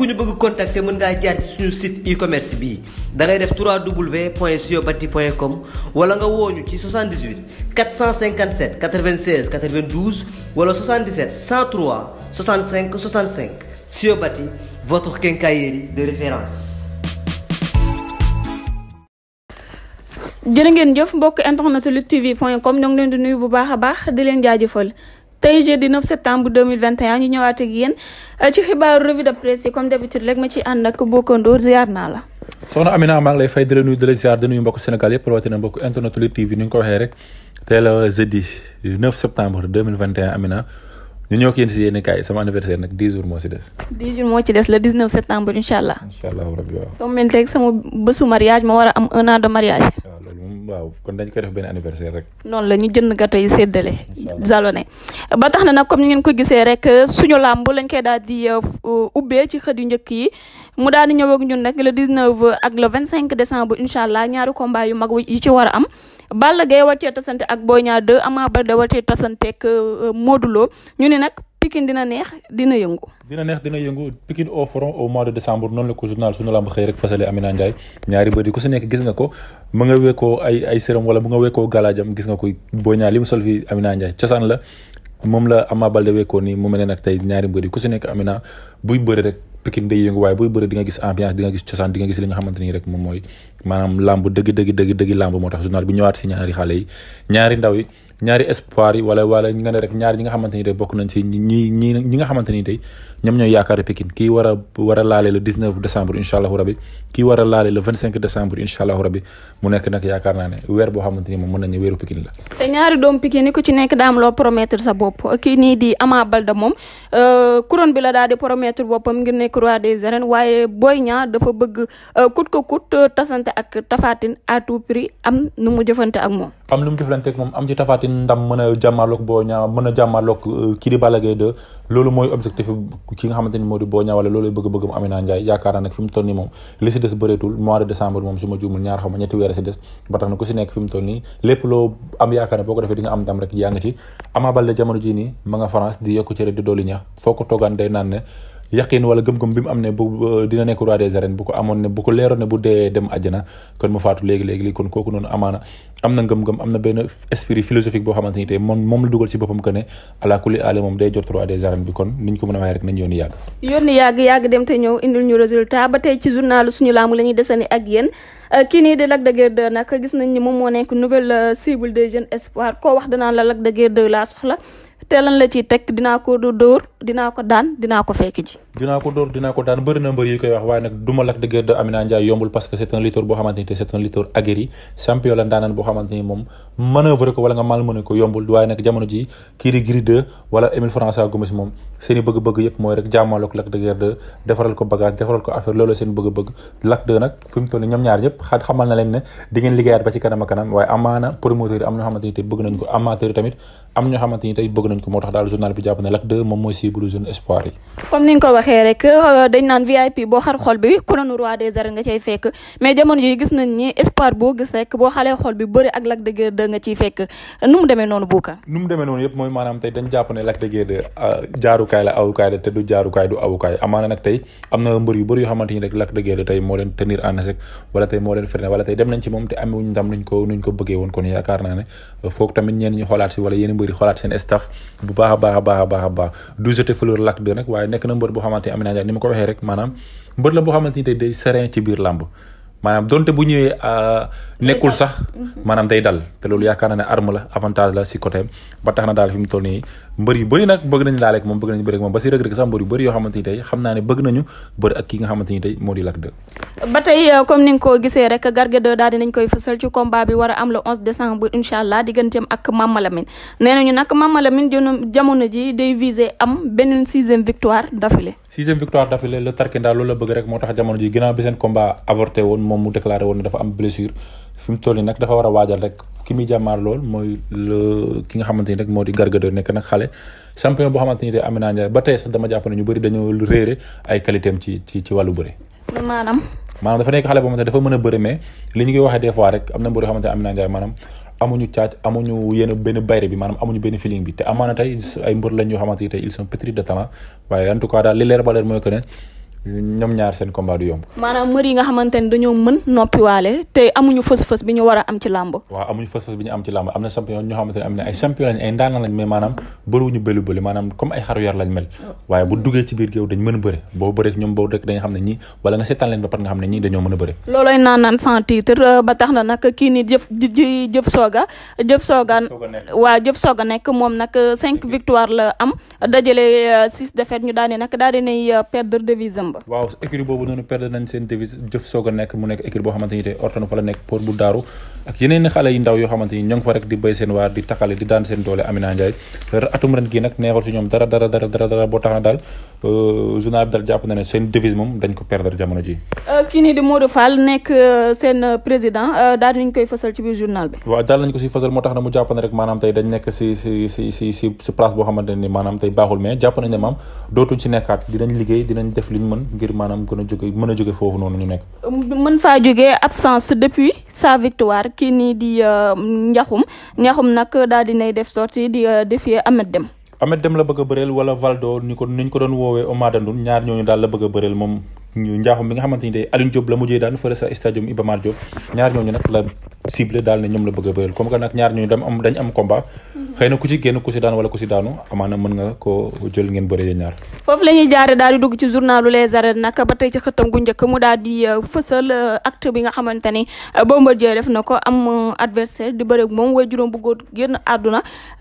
ku ñu bëgg contacter mën ngaa jaar ci suñu site e-commerce bii da ngay def 3w point siobati point com wala nga wooñu ci 78 457 96 92 wala 77 103 65 65 Siobati votre quincaillerie de référence. jërë ngeen jëf mbokk internet Lutte TV point com ñoo ngi leen di nuyu bu baax a baax di leen jaajëfal. tey jeudi 9 septembre 2021 ñu ñëwaat ak yéen eh, ci xibaaru revue de comme d'habitude rek ma ci ànd ak bokkandoor ziar naa la soxna Amina maa lay fay di la nuyu di la ziar di nuyu mbokk Sénégal yëpp ni nga ko waxee rek tey la jeudi 9 septembre Amina ñu ñëw ak yéen si yéen sama anniversaire nag 10 jours moo si des 10 jours moo ci des le 19 septembre incha allah incha allah rabbi sama bésu mariage ma war a am un mariage waaw kon dañ koy def benn anniversaire rek. noonu la ñu jënd gâteau yi séddale. jalone ba tax na nag comme ni ngeen ko gisee rek suñu làmb lañ koy daal di euh, ubbee ci xët yu njëkk yi mu daal di ñëw ak ñun nag le 19 ak le 25 décembre incha allah ñaari combat yu mag yi ci war a am. Balla Gaye wàccee tasante ak Boy Niang 2 Ama Baldé wàccee tasante ak euh, Modou Lo ñu ne nag. Pikine dina neex dina yëngu. dina neex dina yëngu Pikine au front au mois de décembre noonu la ko journal suñu lamb xëy rek fasale Amina Ndiaye ñaari bëri ku si nekk ko ay ay séram wala mu gis nga ko boo ñaar li mu sol fii Amina Ndiaye cosaan la moom la Ama Baldé wekkoo nii mu mel ne nag tey ñaari bëri ku si nekk Amina buy bëri rek Pikine day yëngu waaye buy bëri di nga gis ambiance di gis cosaan di nga gis li nga xamante ni rek moom mooy maanaam lamb dëgg dëgg dëgg dëgg lamb moo tax journal bi ñëwaat si ñaari xale yi ñaari ndaw yi ñaari espoir yi wala wala ñi rek ñaari ñi nga xamante ni tey ñooy yaakaar Pikine kii war a war a laale le 19 décembre incha allahu rabi kii war a laale le décembre incha allahu mu nekk nag yaakaar naa weer boo xamante ni moom mën nañu weeru Pikine la te ñaari doom Pikine yi ci nekk daa loo promettre sa bopp kii nii di Ama Baldé moom euh, couronne bi la daal di promettre ngir nekk roi des arènes waaye Boy Niang dafa bëgg kut ko kut tasante ak Tapha ndam mën a jàmmaarloog Boy Niang mën a jàmmaarloog euh, kii di Balla Gaye loolu mooy objectif ki nga xamante moo di Boy Niang loolu bëgg-bëgg mu Amina Ndiaye yaakaar naa nag fi mu nii moom li si des bëreetul mois de décembre moom su ma ñaar xaw ñetti weer si des ba na ku si nekk fi mu nii lépp loo am yaakaar ne boo ko defee di am ndam rek yaa ngi ci Ama Baldé jamono jii nii ma nga France di yokku cere di dooli ñax foo ko toogaan yaqin wala gëm-gëm bi mu am ne bu dina nekk roi des arènes bu ko amoon ne bu ko leeroon ne bu dee dem àjjana kon mu faatu léegi-léegi lii kon kooku noonu amaana am na ngëm-ngëm am na benn esprit philosophique boo xamante ni tey moom moom la dugal ci boppam que ne ala kulli aale moom day jot nañ desani ak yéen euh, kii nii di Lac de Guiers 2 nag gis nañ ni moom moo nekk nouvelle euh, cible des jeunes espoirs koo wax danaan la Lac de Guiers 2 laa soxla te lan la ciy teg dinaa ko dóor dinaa ko daan dinaa ko fekk ji. ko dóor dinaa ko daan bëri na koy waaye nag duma Lac de de Amina Ndiaye yombul parce que c' est boo xamante te c' est un lutteur aguerri boo xamante moom manœuvre ko wala nga malmené yombul waaye nag jamono ji kii di wala Émile François Gomis moom seen bëgg-bëgg yëpp mooy rek jàmmaloo ak Lac de defaral ko bagage defaral ko affaire loolu seen bëgg-bëgg Lac de moo tax cible jeune espoir yi. comme ni ko waxee rek euh, dañ naan VIP boo xar xol bi couronne roi des arènes nga cay fekk mais jamono yi gis nañ ni espoir boo gis rek boo xalee xol bi bëri ak Lac de Guiers nga ciy fekk nu mu noonu buuka. nu mu noonu yëpp mooy maanaam tey dañ jàpp ne Lac de Guiers 2 euh, jaarukaay la awukaay la te du jaarukaay du awukaay amaana nag tey am na mbër yu bëri yoo xamante ni rek Lac tey moo leen tenir en échec wala tey moo dem jeté fleur Lac 2 nag waaye nekk na mbër boo xamante ni Amina Dia ni ma ko waxee rek maanaam mbër la boo xamante ni day serein ci biir làmb maanaam donte bu ñëwee euh, nekkul sax mhm. maanaam day dal te loolu yaakaar na ne arme la avantage la si côté ba tax na daal fi toll nii mbër yu bëri nag bëgg nañu laale ak moom bëgg nañu bëri moom ba si rëg-rëg sax mbër yu bëri yoo xamante ni tey xam naa ne bëgg nañu bëri ak ki nga xamante ni tey moo di Lac 2 ba tey euh, comme ni nga ko gisee rek Garga 2 daal dinañ koy fësal ci combat bi war a am le 11 décembre incha allah digganteem ak Mama Lamine nee nañu nag Mama Lamine jamono ji day viser am beneen sixième victoire d'affilée sixième victoire d'affilée le tarkinda loolu la bëgg rek moo tax jamono ji ginnaaw bi seen combat avorté woon moom mu déclaré woon fi mu toll nii nag dafa war a waajal rek ki muy jàmmaar lool mooy le ki nga xamante ni rek moo di Garga de nekk nag xale champion boo xamante ni te Amina Ndiaye ba tey sax dama jàpp ne ñu bëri dañoo réere ay ci ci wàllu bëre. maanaam. maanaam dafa nekk xale a bëri mais ñu koy waxee des fois rek am na mbir yoo xamante ne Amina Ndiaye maanaam amuñu caac amuñu yenn benn bayre bi maanaam amuñu benn feeling bi te amaana tey ay mbër lañ yoo tey ils sont pétris de talent waaye en daal li leer ba leer mooy que ñoom ñaar seen combat du yomb. maanaam mbër yi nga xamante ne dañoo mën noppiwaale te amuñu fës-fës bi ñu war a am ci làmb. waaw amuñu fës-fës bi ñu am ci làmb am na champion ñoo xamante ne am na ay champion lañ ay ndaanaan lañ mais maanaam oh. a bëre boo bëree a bëre. loolooy naan euh, na nag kii cinq victoire la am dajale euh, six défaite ñu daal ne nag euh, perdre de visam Kumba. waaw écurie boobu noonu perdre nañ seen devise jëf soog a nekk mu nekk écurie boo xamante ni te orton fa la nekk pour bu daaru ak yeneen xale yi ndaw yoo xamante ni ñoo fa dara dara dara dara boo tax na daal euh, journal bi daal jàpp na seen devise moom dañ ko perdre jamono ji euh, kii nii di Modou Fall nekk euh, seen président daal nañ koy fësal ci biir journal bi waaw daal nañ ko si fësal moo tax na mu jàpp rek maanaam tey dañ nekk si si si si si si ngir maanaam gën a jóge mën a jóge foofu noonu ñu nekk. mën faa jógee absence depuis sa victoire kii nii di Ndiakhoum euh, Ndiakhoum nag daal di nay def sortie di euh, défier Ahmed Deme. Ahmed Deme la bëgg a bëreel Valdo ni ko ni ñu ko doon woowee Omar Dandoun ñaar ñooñu daal la bëgg a moom ñu mi nga xamante ni tey Alioune Diop la mujjee daan fële sa stadium Iba Mar Diop ñaar ñooñu nag la ciblé daal ne ñoom la bëgg a bëreel comme que nag ñaar ñooñu dañ am dañ am combat. xëy na ku ci génn ku si daan wala ku si daanu amaana mën nga ko jël ngeen bëri ñaar foofu la ñuy jaare daal di dugg ci journalu les arènes nag ba tey ci xëttam gu njëkk mu daal di euh, fësal euh, acte bi nga xamante ni euh, Bombardier def na ko am adversaire di bëre ak moom way juróom bu góor génn àdduna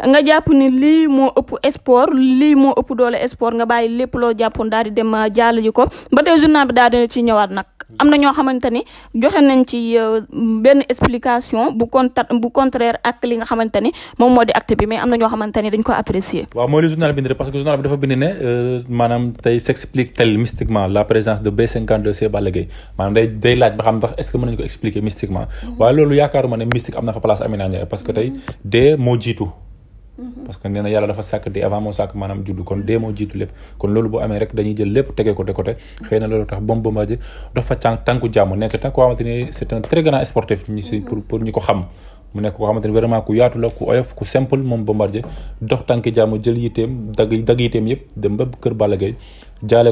nga jàpp ni lii moo ëpp sport lii moo ëpp doole sport nga bàyyi lépp loo jàppoon daal di dem jàll ji ko ba tey journal bi daal dina ci ñëwaat nag am na ñoo xamante ni joxe nañ ci euh, benn explication bu contraire ak li nga xamante ni moom moo di acte mais am na ñoo xamante ni dañ ko apprécier. waaw mooy li journal bind rek parce que journal bi dafa bind ne euh, maanaam tey s'explique tel mystiquement la présence de B52 chez Balla Gaye maanaam day day laaj ba xam ndax est mën nañu ko expliquer mystiquement mhm. waaye loolu yaakaaruma ne mystique am na fa place Amina Ndiaye parce que tey dee moo Mhm. parce que nee na yàlla dafa sàkk dee avant moo sàkk maanaam juddu kon dee moo jiitu lépp kon loolu bu amee rek dañuy jël lépp tege ko de côté xëy na loolu tax bom Bombardier dox fa càng tànku jàmm nekk tànk koo xamante ni c'est un très grand sportif ñu si mhm. pour pour ñu ko xam mu nekk koo xamante ni vraiment ku yaatu la ku oyof ku simple moom Bombardier dox tànki jàmm jël yiteem dagg yiteem yëpp dem ba kër Balla Gaye jaale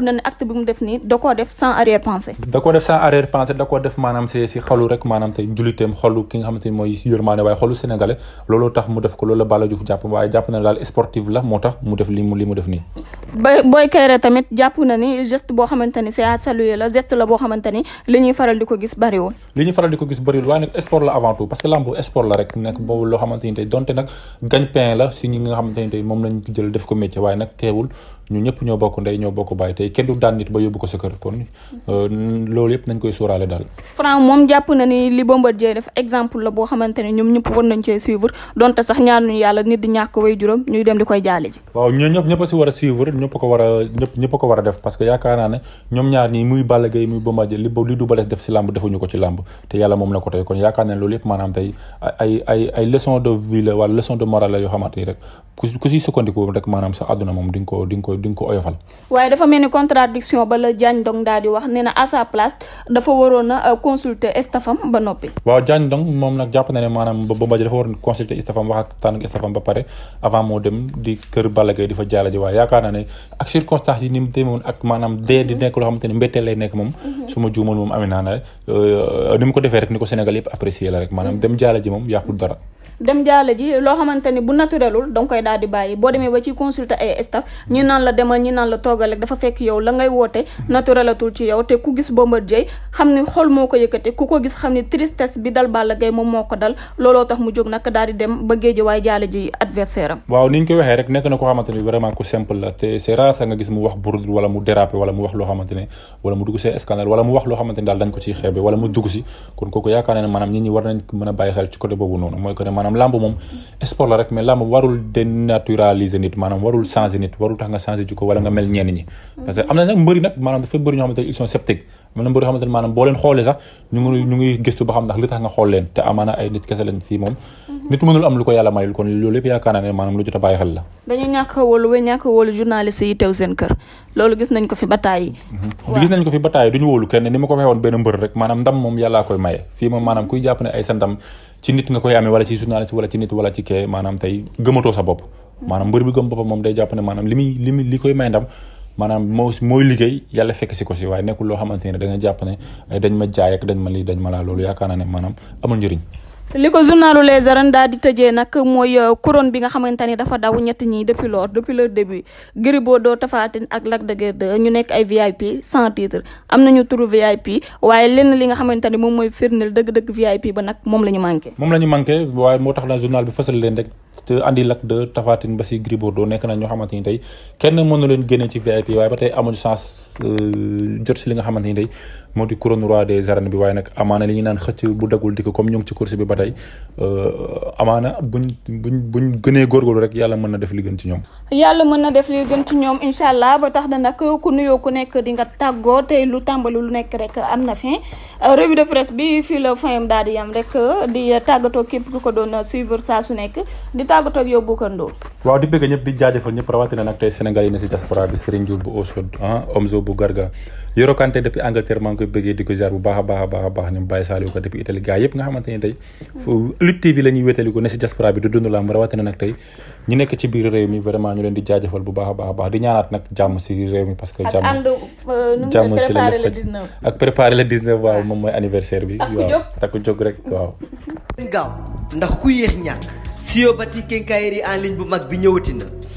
na ni acte bi mu def nii da koo def sans arrière pensée. da koo def sans arrière pensée da koo def maanaam si si xolu rek maanaam tey njuliteem xolu ki nga xamante mooy yërmaane waaye xolu sénégalais looloo tax mu def ko loolu la Balla Diouf jàpp waaye jàpp na daal sportif la moo tax mu def li mu def nii. Boy Kayré tamit jàpp na ni geste boo xamante ni c'est à la geste la boo xamante ni li ñuy faral di ko gis bëriwul li ñuy faral di ko gis bëriwul waaye nag sport la avant tout parce que lamb sport la rek nekk boobu loo xamante ni tey donte nag gagne-pain la si ñi nga xamante ni tey moom lañ jël def ko métier waaye nag teewul ñu ñëpp ñoo bokk ndey ñoo bokk bàyyi tey kenn du daan nit ba yóbbu ko sa euh, daal. Franc moom jàpp na ni li Bombardier def exemple la boo xamante ne ñoom ñaar ñii muy Balla Gaye muy Bombardier li li Double Less def si làmb defuñu ko ci làmb te yàlla moom la ko tey kon yaakaar naa ne loolu yëpp maanaam tey ay ay de vie wala leçon de morale yoo xamante ni rek di nga ko oyofal. waaye dafa mel ni contradiction ba la Diagne Ndong daal di wax nee na à sa place dafa waroon a euh, consulter stafam ba noppi. waaw Diagne Ndong moom nag jàpp na ne maanaam Bombardier dafa waroon consulter stafam wax ak tànn stafam ba pare dem di kër Balla fa jaala ji waaye yaakaar naa ne ak circonstances yi ni mu demoon ak maanaam dee di nekk loo xamante ne mbetteel lay nekk moom. Mhm. su ma juumal moom amee naa ne euh, ni mu ko defee rek ni ko Sénégal yëpp apprécier la rek maanaam mhm. dem jaala ji moom yàqul dara. dem jaale ji loo xamante ni bu naturelul danga koy daal di bàyyi boo demee ba ci consulter ay staff ñi naan la demal ñi naan la toogal rek dafa fekk yow la ngay woote naturelatul ci yow te ku gis Bombardier xam ni xol moo ko yëkkate ku ko gis xam ni ko dal na ni vraiment ku ñi war nañ mën a bàyyi xel ci côté boobu noonu mooy ko ne maanaam maanaam lamb moom sport la rek mais lamb warul dénaturaliser nit maanaam warul changer nit warul tax nga changer jikko wala nga mel ñi parce que am na nag mbëri nag maanaam dafa bëri ñoo xamante ils sont sceptiques am na mbir yoo xamante ne maanaam boo leen xoolee sax ñu ngi ñu ngi gëstu ba xam ndax li nga xool leen te amaana ay nit kese leen fii moom mhm. nit mënul am lu ko yàlla mayul kon loolu yëpp yaakaar naa maanaam lu jot a bàyyi xel la dañu ñàkk a wóolu a wóolu journaliste yi teew seen kër loolu gis nañ ko fi bataay yi mhm. gis nañ ni ma koy maye maanaam kuy jàpp ay sa ndam ci nit nga koy amee wala ci journaliste wala ci kee maanaam tey gëmatoo sa bopp mhm. maanaam mbër bi gëm boppam moom day jàpp maanaam li koy may ndam maanaam moo mooy liggéey yàlla fekk si ko si waaye nekkul loo xamante ne da nga jàpp eh, ma jaayak ak dañ ma lii dañ ma laa loolu yaakaar naa ne maanaam amul njëriñ li ko journalu Les Arènes daal di tëjee nag mooy euh, couronne bi nga xamante ni dafa daw ñett ñi depuis lors depuis leur début Gris Bordeaux Tapha Tine ak Lac de Guiers ñu nekk ay VIP sans titre am nañu turu VIP waaye lenn li nga xamante ni moom mooy firndeel dëgg-dëgg VIP ba nag moom la ñu manqué. moom la ñu manqué waaye moo tax na journal bi fësal leen rek te andi Lac de Tapha ba si Gris Bordeaux nekk na ñoo xamante ni tey kenn mënu leen génne ci VIP waaye ba tey amuñu chance euh, jot si li nga xamante ni tey moo di couronne roi des arènes bi waaye nag amaana li ñu naan xëcc bu dagul di ko comme ñu ngi ci course bi ba tey euh, amaana buñ buñ gënee góorgóorlu rek yàlla na def li gën ci ñoom yàlla mën na def li gën ci ñoom incha allah ba tax na nag ku nuyoo ku nekk di nga tàggoo tey lu tàmbali lu nekk rek am na fin euh, revue de presse bi fii la fin daal di yam rek di tàggatoo képp ku ko doon suivre saa su nekk di tàggatoo ak yow Boucandoo waaw di bëgg ñëpp bi jaajëfal ñëpp rawatina nag tey Sénégal si diaspora bi Serigne Diouf bëggee di ko ziar bu baax a baax a baax a baax ñoom Baye Saliou ko depuis Italie gars yëpp nga xamante ni tey foofu Lutte TV la ñuy wéetaliku ne si diaspora bi du dund làmb rawatina nag tey ñu nekk ci biir réew mi vraiment ñu leen di jaajëfal bu baax a baax a baax di ñaanaat nag jàmm si réew mi parce que jàmm euh, jàmm si la ak préparé anniversaire bi waaw takku jóg rek waaw ndax ku yéex ñàkk siobati kenkaayeri en ligne bu mag bi ñëwati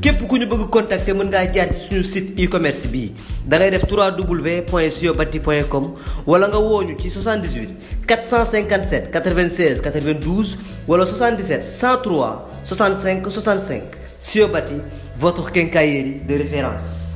képp ku ñu bëgg contacter mën ngaa jaar ci suñu site e-commerce bii da ngay def 3w point siobati point com wala nga wooñu ci 78 457 96 92 wala 77 103 65 65 siobati votre quincaillerie de référence